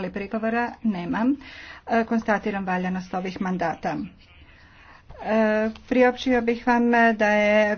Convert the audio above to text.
ali prigovora nemam. E, konstatiram valjanost ovih mandata. E, priopćio bih vam da je